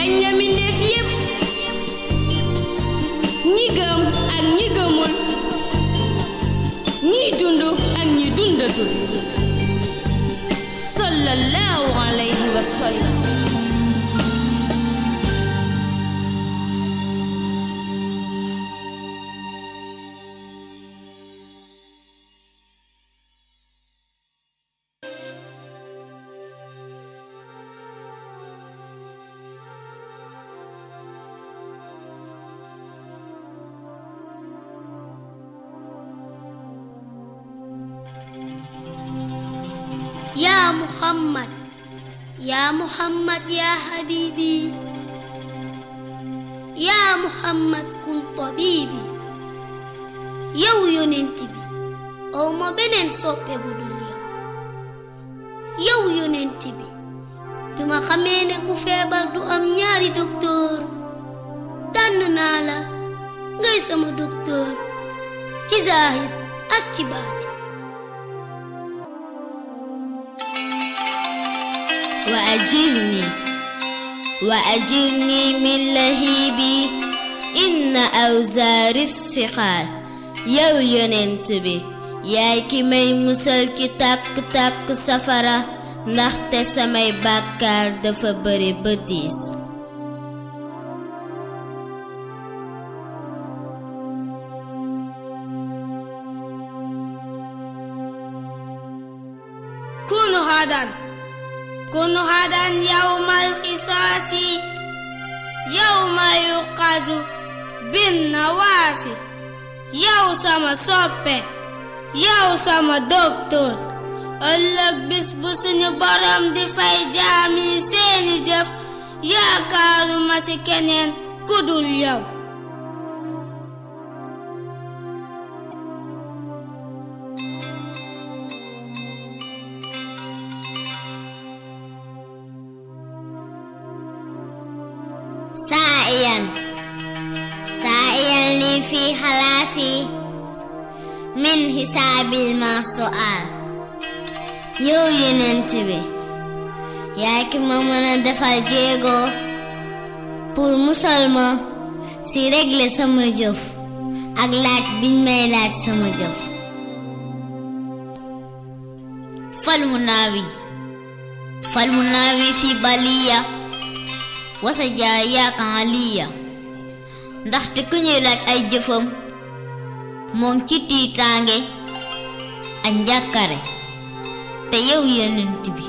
dañ na mbindéef yépp ñi gëm ak ñi gëmul ñiy dund ak ñi dundatul sallallahu alayhi wa sallam يا محمد يا محمد يا حبيبي يا محمد كن طبيبي yow yonent bi beneen soppe bu dul yow yow yonent bi ku feebar du am ñaari doktoor tànn naa la ngay sama doktoor ci zaahir ak baat وأجرني وأجرني من لهيبي إن أوزار الثقال يو ينتبه يا كمي مسلك تاك تاك سفرة نخت سمي باكار دفبري بديس كن غدا يوم القصاص يوم يقاز بالنواسي يوم سما صوبة يوم سما دكتور قلك بس بس نبرم دفاي جامي سيني جف يا كارو ما سكنين كدو اليوم من حساب سؤال يو ينتبه ياك ماما ندفع جيغو پور مسلمة سي رجل سمجوف اغلات دين ميلات سمجوف فالمناوي فالمناوي في بالية وسجايا قاليا ndax te ku ñëw laaj ay jëfam moom ngi ci tiitaange ak njàkkare te yow yonent bi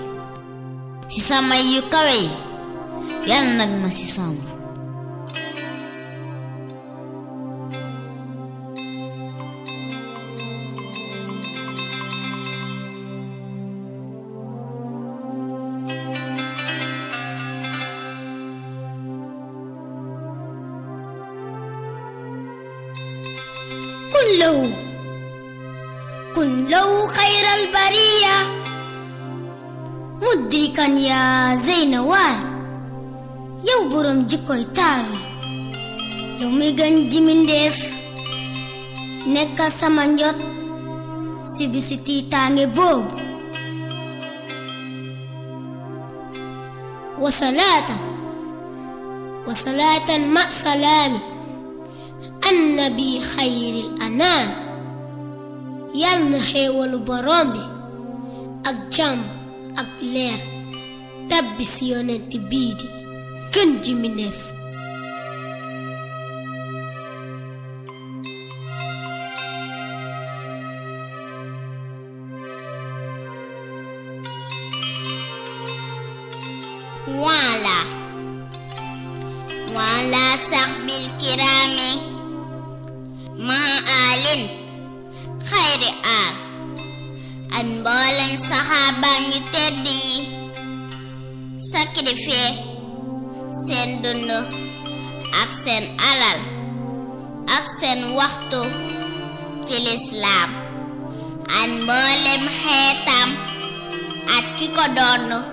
ci sama yu kawe yi yàlla nag ma ci كن له كن له خير البرية مدركا يا زينوان برم جيكوي تاري يو ميغن من ديف نكا سمانيوت سيبسيتي تاني بوب وصلاة وصلاة مع سلامي أن بي خير الأنام يلنحي والبرامي أجام أكلير تبسيون تبيدي كنجي منيف saxaaba ngi tedd yi sacrifié seen dund ak seen alal ak seen waxtu ci lislaam ak mboolem xeetam ak ki ko doon